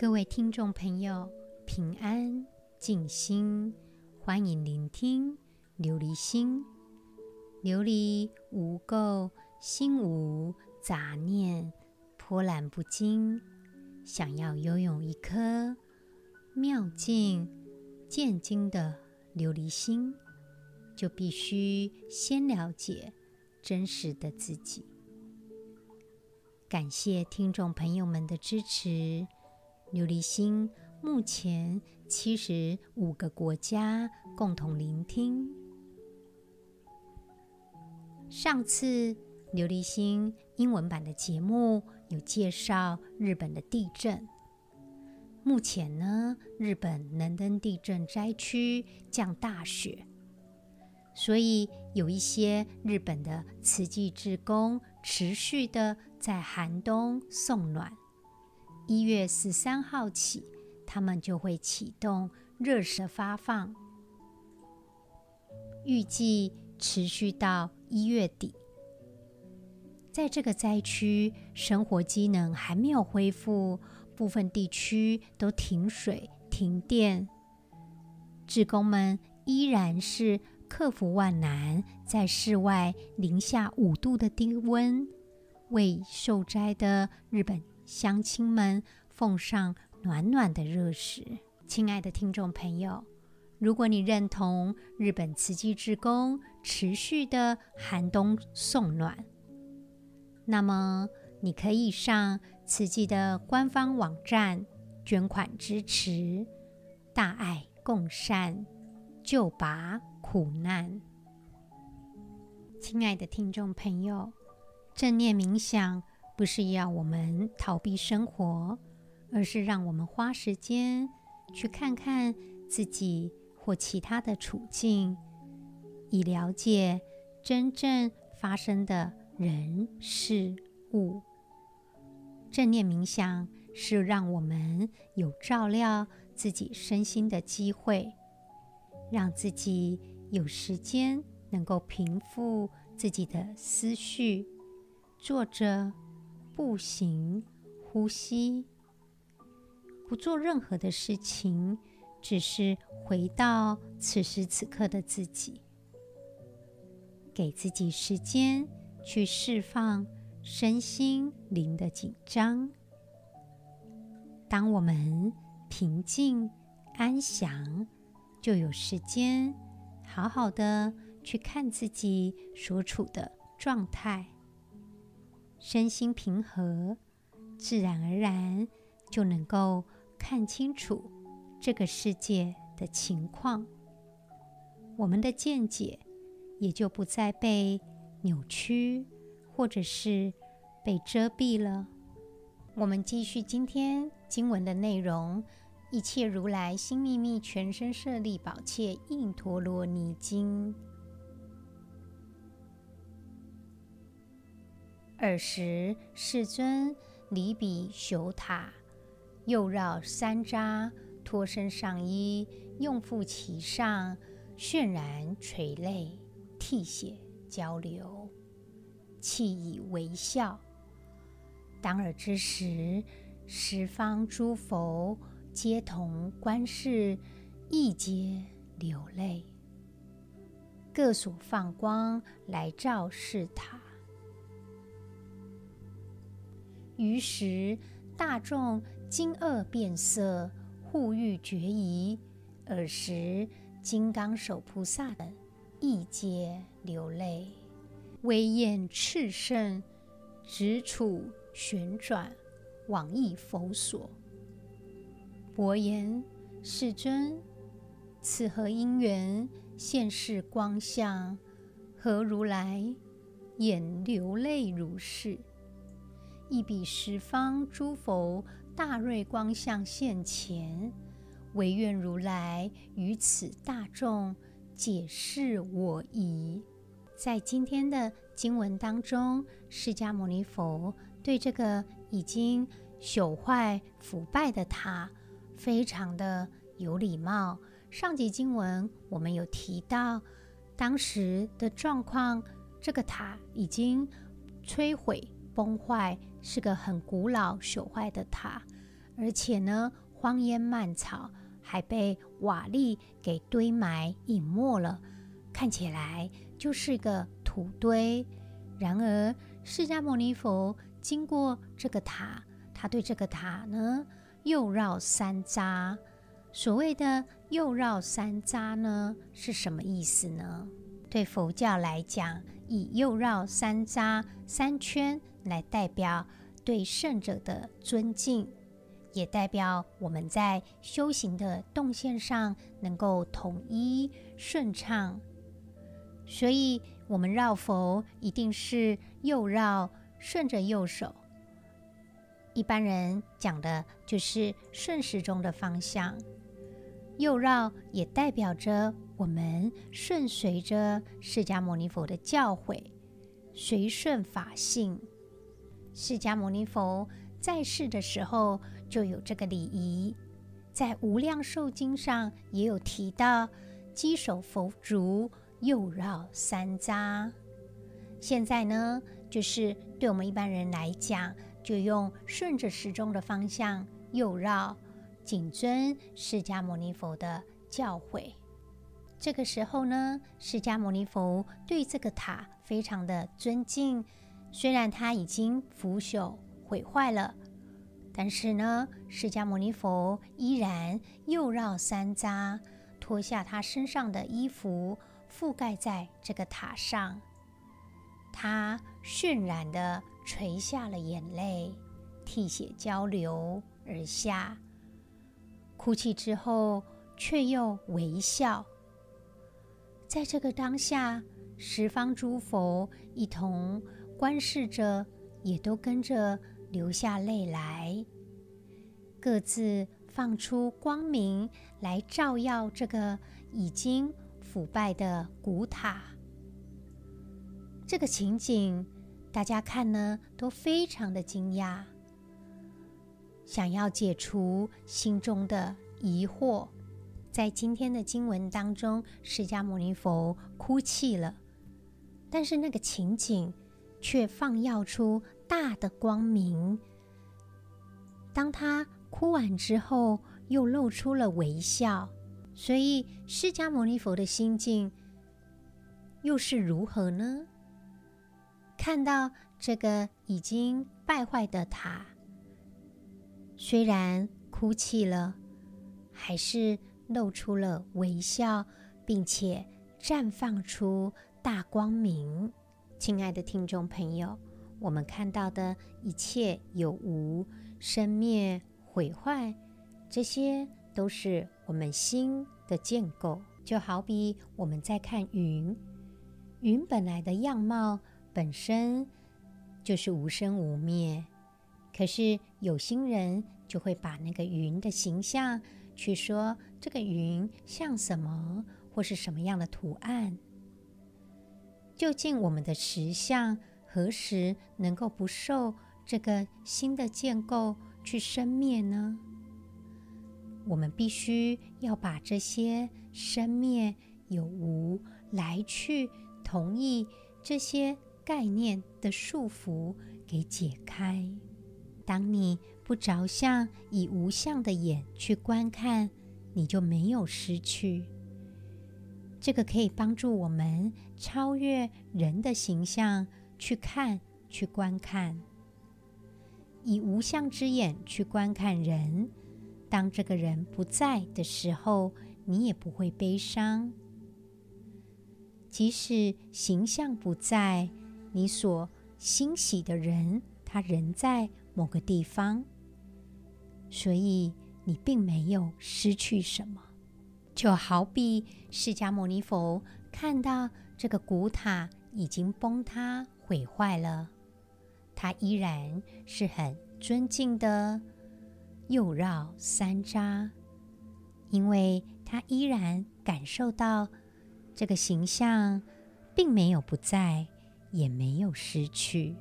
各位聽眾朋友，平安靜心，歡迎聆聽琉璃心。琉璃無垢，心無雜念，波瀾不驚。想要擁有一顆妙境、見經的琉璃心，就必須先了解真實的自己。感謝聽眾朋友們的支持。琉璃星目前七十五個國家共同聆聽。上次琉璃星英文版的節目有介紹日本的地震。目前呢，日本能登地震災區降大雪，所以有一些日本的慈濟志工持續的在寒冬送暖。一月十三號起，他們就會啟動熱食發放，預計持續到一月底。在這個災區，生活機能還沒有恢復，部分地區都停水、停電，志工們依然是克服萬難，在室外零下五度的低溫，為受災的日本，鄉親們奉上暖暖的熱食。親愛的聽眾朋友，如果你認同日本慈濟志工持續的寒冬送暖，那麼你可以上慈濟的官方網站捐款支持，大愛共善，救拔苦難。親愛的聽眾朋友，正念冥想。不是要我們逃避生活，而是讓我們花時間去看看自己或其他的處境，以了解真正發生的人事物。正念冥想是讓我們有照料自己身心的機會，讓自己有時間能夠平復自己的思緒。坐着。步行，呼吸，不做任何的事情，只是回到此時此刻的自己，給自己時間去釋放身心靈的緊張。當我們平靜安詳，就有時間好好的去看自己所處的狀態。身心平和，自然而然就能夠看清楚這個世界的情況，我們的見解也就不再被扭曲或者是被遮蔽了。我們繼續今天經文的內容，《一切如來心秘密全身舍利寶篋印陀羅尼經》。爾時，世尊離彼朽塔，右繞三匝，脫身上衣，用覆其上，泫然垂淚，涕血交流，泣已微笑。當爾之時，十方諸佛皆同觀世，亦皆流淚，各所放光來照是塔。於時大眾驚愕變色，互欲決疑。爾時金剛手菩薩等亦皆流淚，威焰熾盛，執杵旋轉，往詣佛所。白言：“世尊，此何因緣現世光相？何如來眼流淚如是？”一筆十方諸佛大瑞光相現前，唯願如來於此大眾解釋我疑。在今天的經文當中，釋迦牟尼佛對這個已經朽壞、腐敗的塔，非常的有禮貌。上集經文我們有提到，當時的狀況，這個塔已經摧毀。崩壞，是個很古老朽壞的塔，而且呢，荒煙蔓草，還被瓦礫給堆埋隱沒了，看起來就是個土堆。然而，釋迦牟尼佛經過這個塔，他對這個塔呢，右繞三匝。所謂的右繞三匝呢，是什麼意思呢？對佛教來講，以右繞三匝三圈來代表對聖者的尊敬，也代表我們在修行的動線上能夠統一順暢。所以，我們繞佛一定是右繞，順着右手。一般人講的就是順時鐘的方向。右繞也代表着我們順隨着釋迦牟尼佛的教誨，隨順法性。釋迦牟尼佛在世的時候就有這個禮儀，在《無量壽經》上也有提到，稽首佛足，右繞三匝。現在呢，就是對我們一般人來講，就用順着時鐘的方向右繞。謹遵釋迦牟尼佛的教誨。這個時候呢，釋迦牟尼佛對這個塔非常的尊敬，雖然他已經腐朽毀壞了，但是呢，釋迦牟尼佛依然又繞三匝，脫下他身上的衣服覆蓋在這個塔上。他泫然的垂下了眼淚，涕血交流而下。哭泣之後，卻又微笑。在這個當下，十方諸佛一同觀視着，也都跟着流下淚來，各自放出光明來照耀這個已經腐敗的古塔。這個情景，大家看呢，都非常的驚訝。想要解除心中的疑惑，在今天的經文當中，釋迦牟尼佛哭泣了，但是那個情景卻放耀出大的光明。當他哭完之後，又露出了微笑。所以，釋迦牟尼佛的心境又是如何呢？看到這個已經敗壞的塔。雖然哭泣了，還是露出了微笑，並且綻放出大光明。親愛的聽眾朋友，我們看到的一切有無生滅毀壞，這些都是我們心的建構。就好比我們在看雲，雲本來的樣貌本身就是無生無滅。可是有心人就會把那個雲的形象去說，這個雲像什麼，或是什麼樣的圖案？究竟我們的實相何時能夠不受這個新的建構去生滅呢？我們必須要把這些生滅、有無、來去、同異這些概念的束縛給解開。當你不着相，以無相的眼去觀看，你就沒有失去。這個可以幫助我們超越人的形象去看、去觀看，以無相之眼去觀看人。當這個人不在的時候，你也不會悲傷。即使形象不在，你所欣喜的人，他仍在。某個地方，所以你並沒有失去什麼。就好比釋迦牟尼佛看到這個古塔已經崩塌毀壞了，他依然是很尊敬的，右繞三匝，因為他依然感受到這個形象並沒有不在，也沒有失去。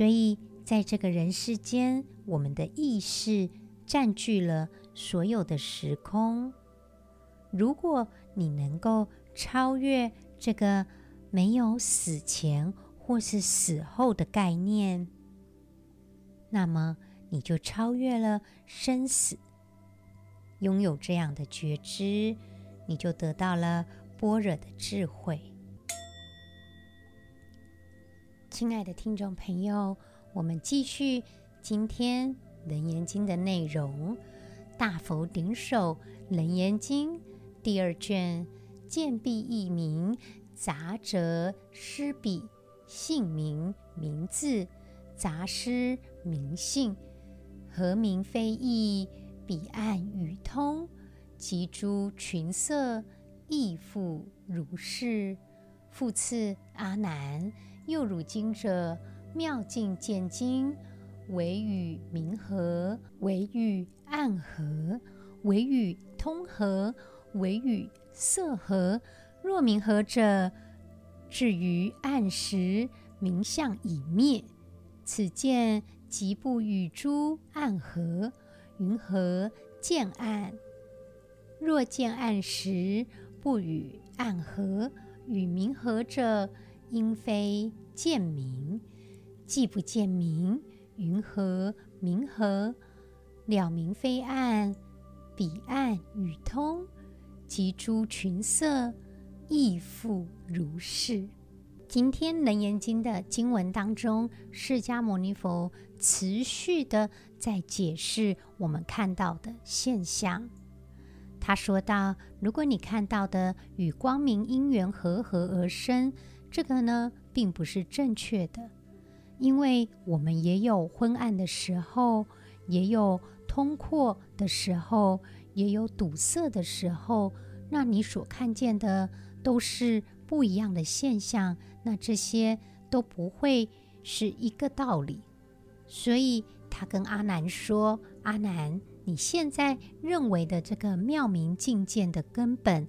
所以，在這個人世間，我們的意識佔據了所有的時空。如果你能夠超越這個沒有死前或是死後的概念，那麼你就超越了生死。擁有這樣的覺知，你就得到了般若的智慧。親愛的聽眾朋友，我們繼續今天《楞嚴經》的內容，《大佛頂首楞嚴經》第二卷，見必異明，雜則失彼性明名字，雜失明性，和明非義，彼暗與通及諸群塞，亦復如是，復次阿難。又汝今者，妙境見精，唯與明合，唯與暗合，唯與通合，唯與色合。若明合者，至於暗時，明相已滅，此見即不與諸暗合，云何見暗？若見暗時，不與暗合，與明合者。因非見明，既不見明，云何明何？了明非暗，彼暗與通。及諸群色，亦復如是。今天《楞嚴經》的經文當中，釋迦牟尼佛持續地在解釋我們看到的現象。他說道：“如果你看到的與光明因緣和合而生。”這個呢，並不是正確的，因為我們也有昏暗的時候，也有通闊的時候，也有堵塞的時候。那你所看見的都是不一樣的現象，那這些都不會是一個道理。所以他跟阿難說：“阿難，你現在認為的這個妙明境界的根本。”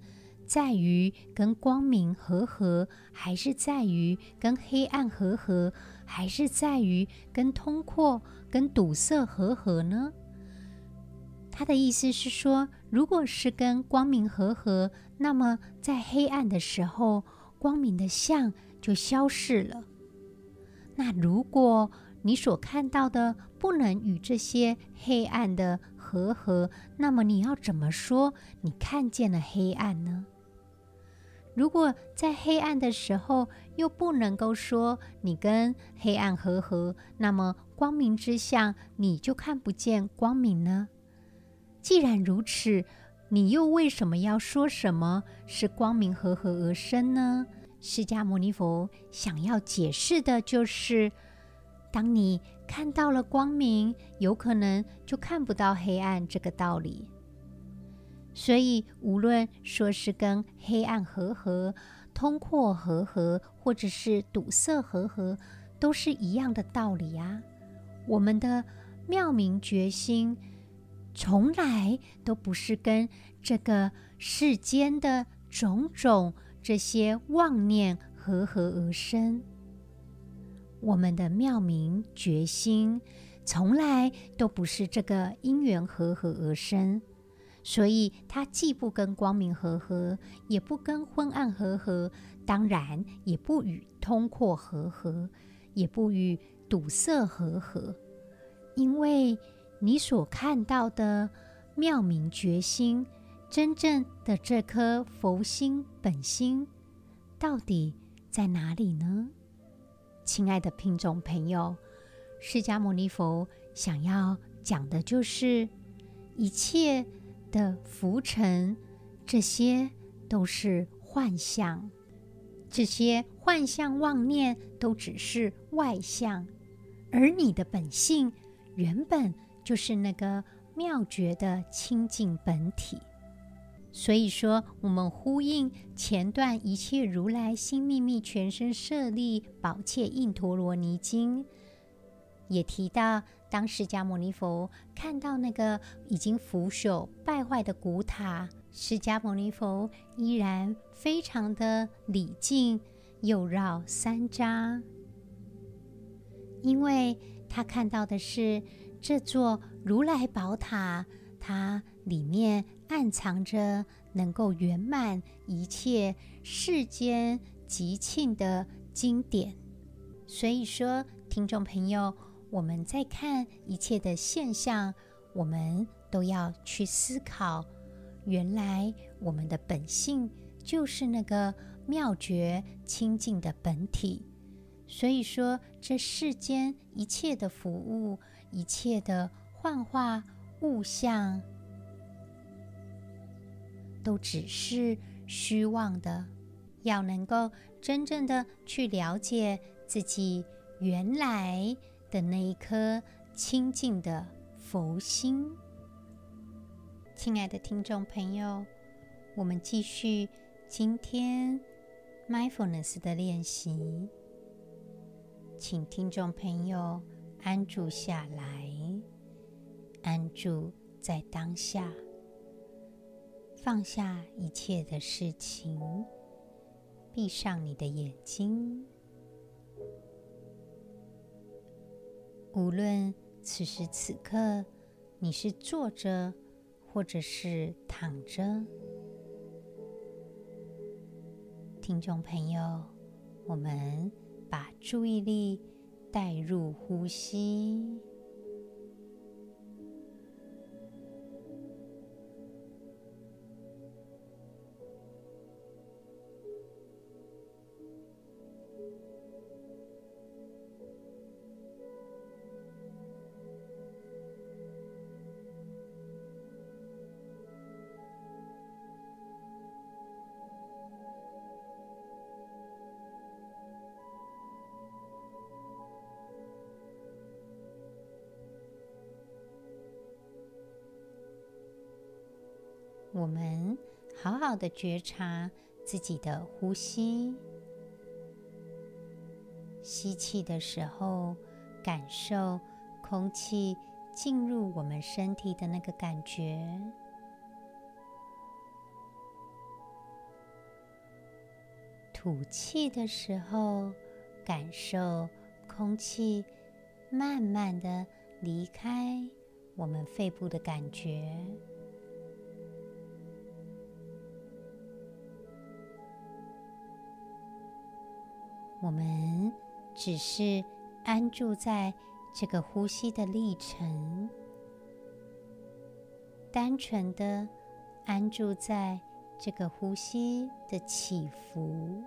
在於跟光明和合，還是在於跟黑暗和合，還是在於跟通過跟堵塞和合呢？他的意思是說，如果是跟光明和合，那麼在黑暗的時候，光明的像，就消失了。那如果你所看到的不能與這些黑暗的和合，那麼你要怎麼說你看見了黑暗呢？如果在黑暗的時候又不能夠說你跟黑暗和合，那麼光明之相你就看不見光明呢？既然如此，你又為什麼要說什麼是光明和合而生呢？釋迦牟尼佛想要解釋的就是，當你看到了光明，有可能就看不到黑暗這個道理。所以，無論說是跟黑暗和合、通過和合，或者是堵塞和合，都是一樣的道理啊！我們的妙明決心從來都不是跟這個世間的種種這些妄念和合而生，我們的妙明決心從來都不是這個因緣和合而生。所以，他既不跟光明和合，也不跟昏暗和合，當然也不與通闊和合，也不與堵塞和合。因為你所看到的妙明覺心，真正的這顆佛心本心，到底在哪裡呢？親愛的聽眾朋友，釋迦牟尼佛想要講的就是一切。的浮塵，這些都是幻象，這些幻象妄念都只是外象，而你的本性原本就是那個妙覺的清淨本體。所以說，我們呼應前段《一切如來心秘密全身舍利寶篋印陀羅尼經》也提到。當釋迦牟尼佛看到那個已經腐朽敗壞的古塔，釋迦牟尼佛依然非常的禮敬，又繞三匝，因為他看到的是這座如來寶塔，它裡面暗藏着能夠圓滿一切世間吉慶的經典。所以說，聽眾朋友。我們在看一切的現象，我們都要去思考：原來我們的本性就是那個妙覺清淨的本體。所以說，這世間一切的服務、一切的幻化物象，都只是虛妄的。要能夠真正的去了解自己，原來。的那一顆清淨的佛心。親愛的聽眾朋友，我們繼續今天 Mindfulness 的練習，請聽眾朋友安住下來，安住在當下，放下一切的事情，閉上你的眼睛。無論此時此刻你是坐着，或者是躺着，聽眾朋友，我們把注意力帶入呼吸。的覺察自己的呼吸，吸氣的時候，感受空氣進入我們身體的那個感覺；吐氣的時候，感受空氣慢慢地離開我們肺部的感覺。我們只是安住在這個呼吸的歷程，單純的安住在這個呼吸的起伏。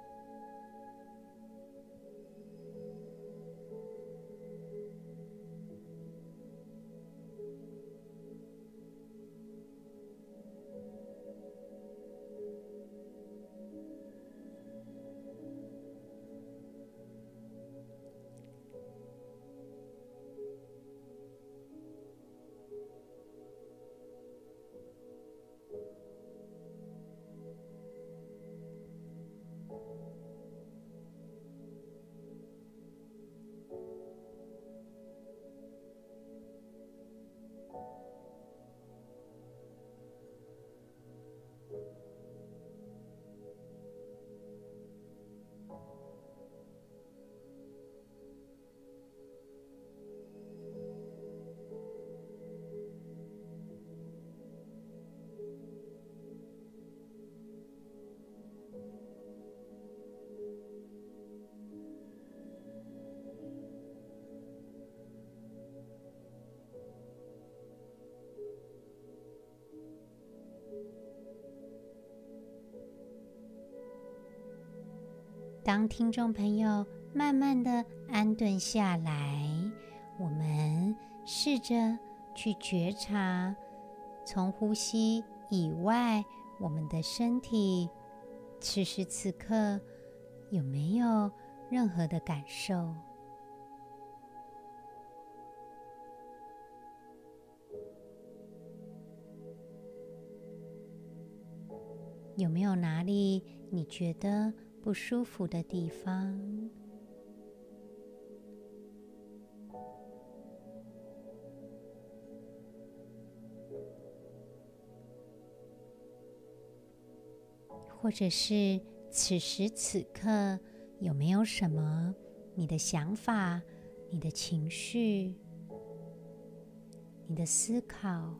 當聽眾朋友慢慢的安頓下來，我們試着去覺察，從呼吸以外，我們的身體此時此刻有沒有任何的感受？有沒有哪裡你覺得？不舒服的地方，或者是此時此刻有沒有什麼你的想法、你的情緒、你的思考？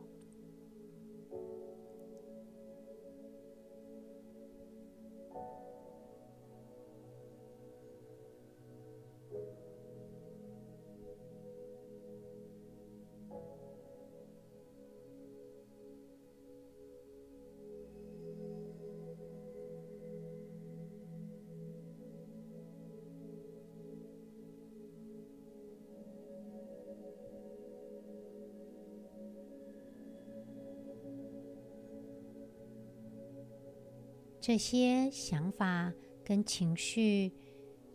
這些想法跟情緒，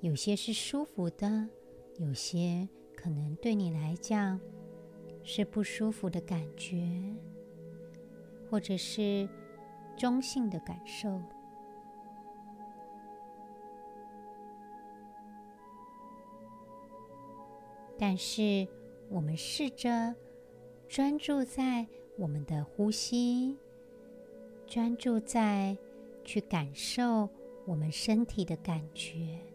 有些是舒服的，有些可能對你來講是不舒服的感覺，或者是中性的感受。但是，我們試着專注在我們的呼吸，專注在。去感受我們身體的感覺。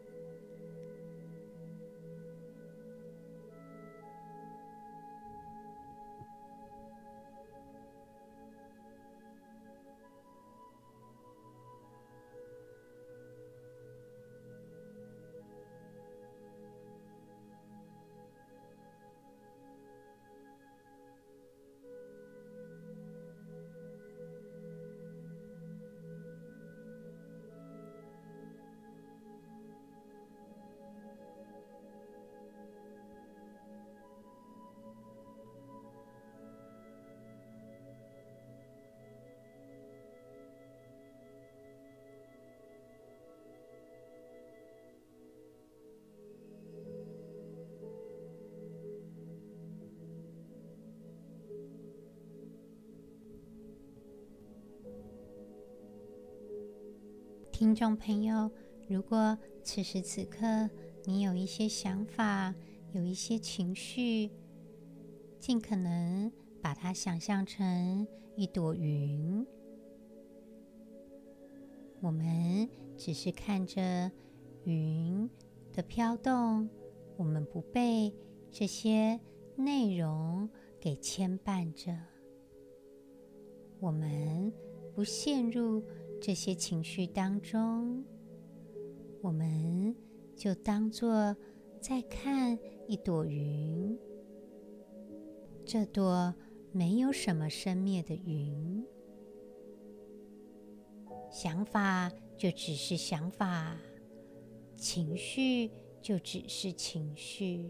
聽眾朋友，如果此時此刻你有一些想法，有一些情緒，盡可能把它想象成一朵雲。我們只是看着雲的飄動，我們不被這些內容給牽絆着，我們不陷入，這些情緒當中，我們就當做在看一朵雲，這朵沒有什麼生滅的雲。想法就只是想法，情緒就只是情緒。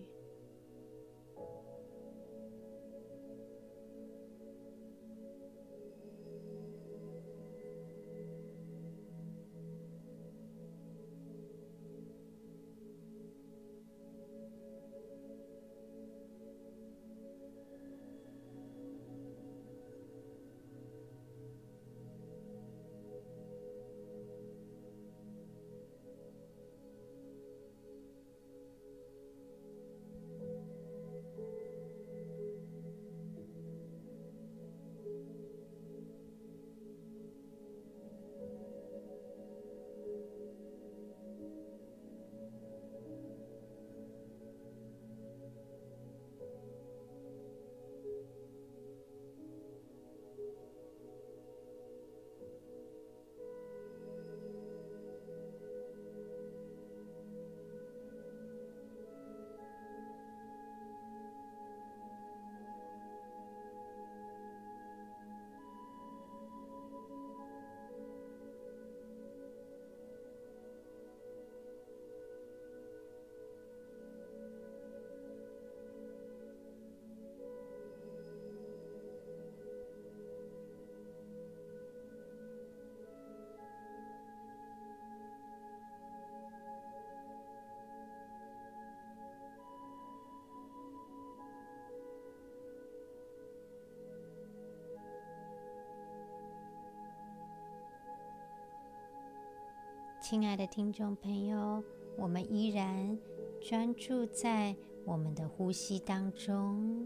親愛的聽眾朋友，我們依然專注在我們的呼吸當中，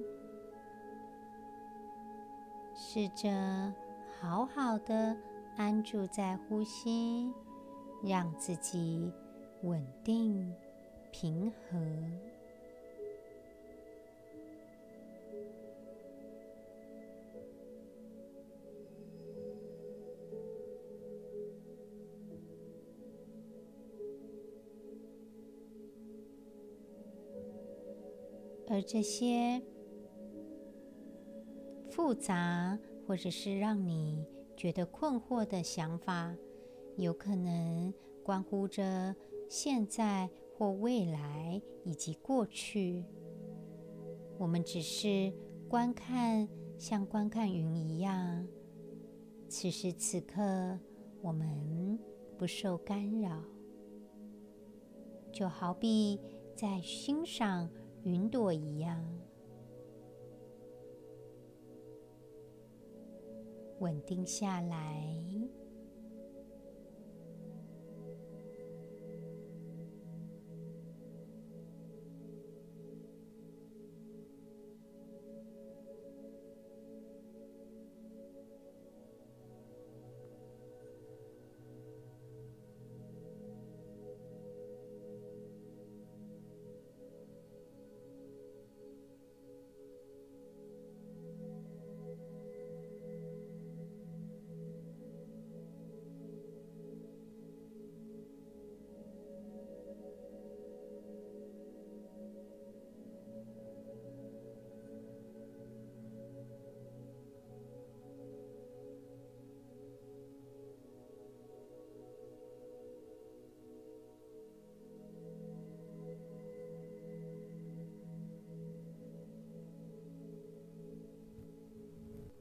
試着好好的安住在呼吸，讓自己穩定平和。而這些複雜，或者是讓你覺得困惑的想法，有可能關乎着現在或未來以及過去。我們只是觀看，像觀看雲一樣。此時此刻，我們不受干擾，就好比在欣賞。雲朵一樣，穩定下來。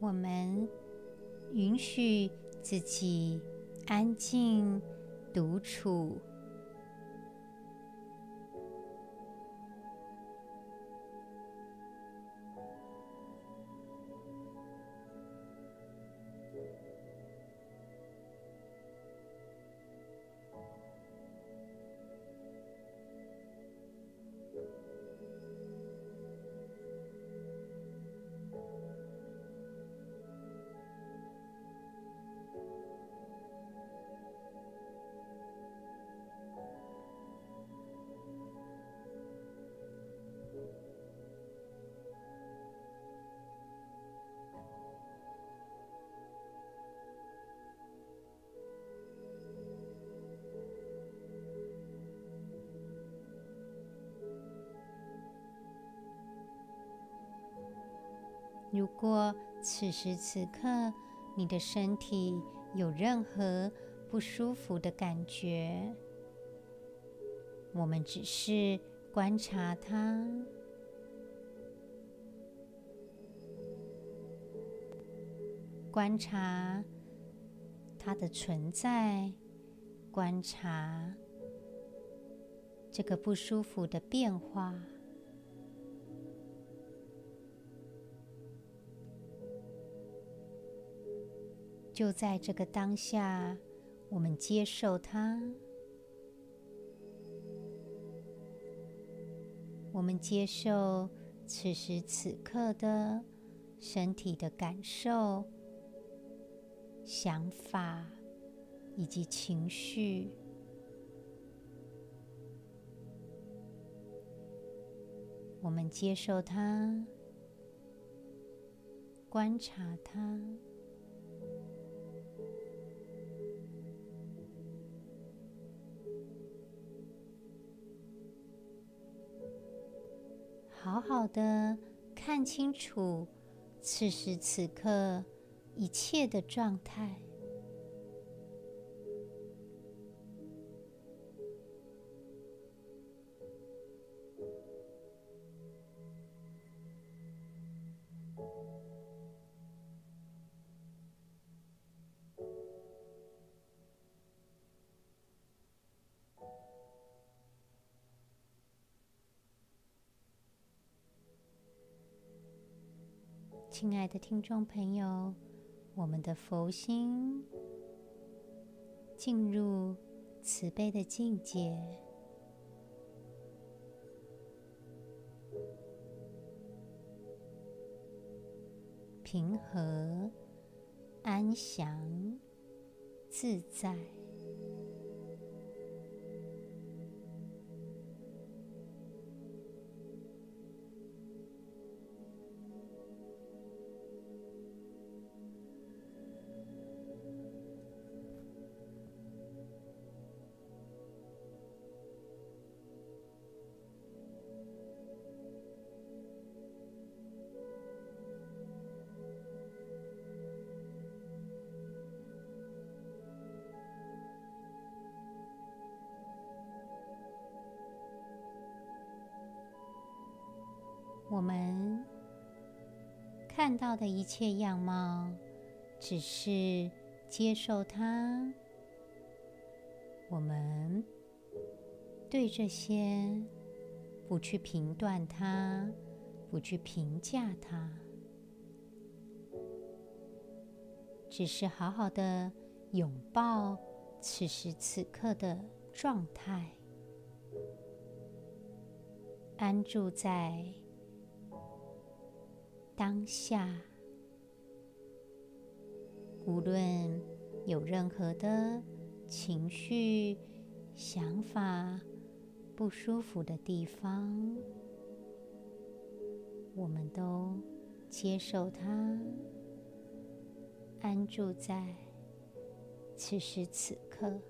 我們允許自己安靜獨處。如果此時此刻你的身體有任何不舒服的感覺，我們只是觀察它，觀察它的存在，觀察這個不舒服的變化。就在這個當下，我們接受它，我們接受此時此刻的身體的感受、想法以及情緒，我們接受它，觀察它。好好的看清楚，此時此刻一切的狀態。親愛的聽眾朋友，我們的佛心進入慈悲的境界，平和、安詳、自在。我們看到的一切樣貌，只是接受它。我們對這些不去評斷它，不去評價它，只是好好的擁抱此時此刻的狀態，安住在。當下，無論有任何的情緒、想法、不舒服的地方，我們都接受它，安住在此時此刻。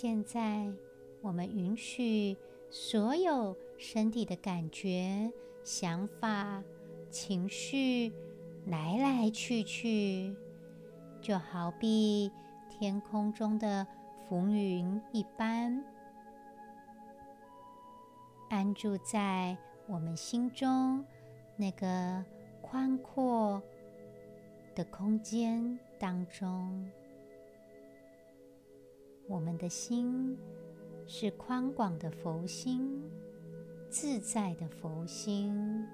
現在，我們允許所有身體的感覺、想法、情緒來來去去，就好比天空中的浮雲一般，安住在我們心中那個寬闊的空間當中。我們的心是寬廣的佛心，自在的佛心。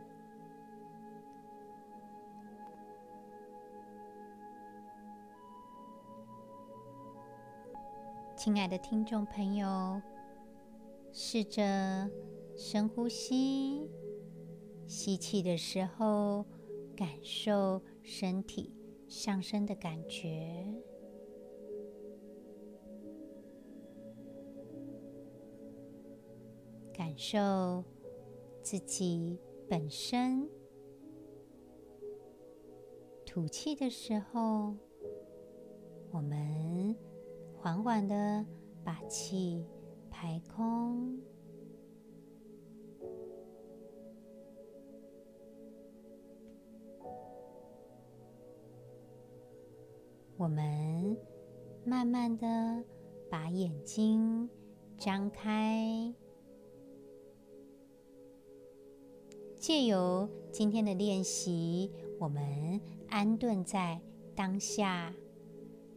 親愛的聽眾朋友，試着深呼吸，吸氣的時候感受身體上升的感覺。感受自己本身吐氣的時候，我們緩緩地把氣排空，我們慢慢地把眼睛張開。借由今天的練習，我們安頓在當下。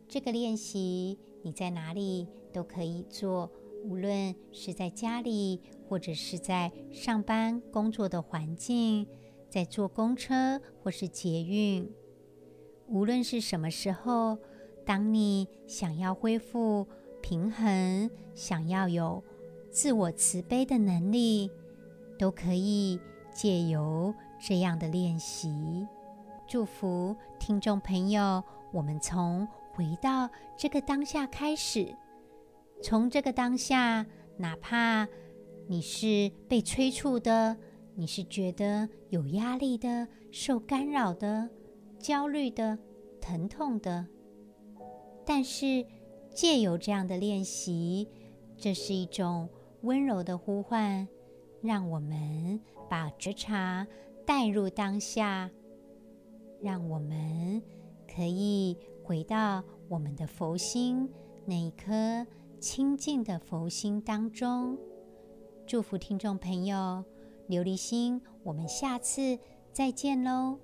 這個練習你在哪裡都可以做，無論是在家裡，或者是在上班工作的環境，在坐公車或是捷運，無論是什麼時候，當你想要恢復平衡，想要有自我慈悲的能力，都可以。借由這樣的練習，祝福聽眾朋友。我們從回到這個當下開始，從這個當下，哪怕你是被催促的，你是覺得有壓力的、受干擾的、焦慮的、疼痛的，但是借由這樣的練習，這是一種溫柔的呼喚，讓我們。把覺察帶入當下，讓我們可以回到我們的佛心，那一顆清淨的佛心當中。祝福聽眾朋友，琉璃心，我們下次再見嘍。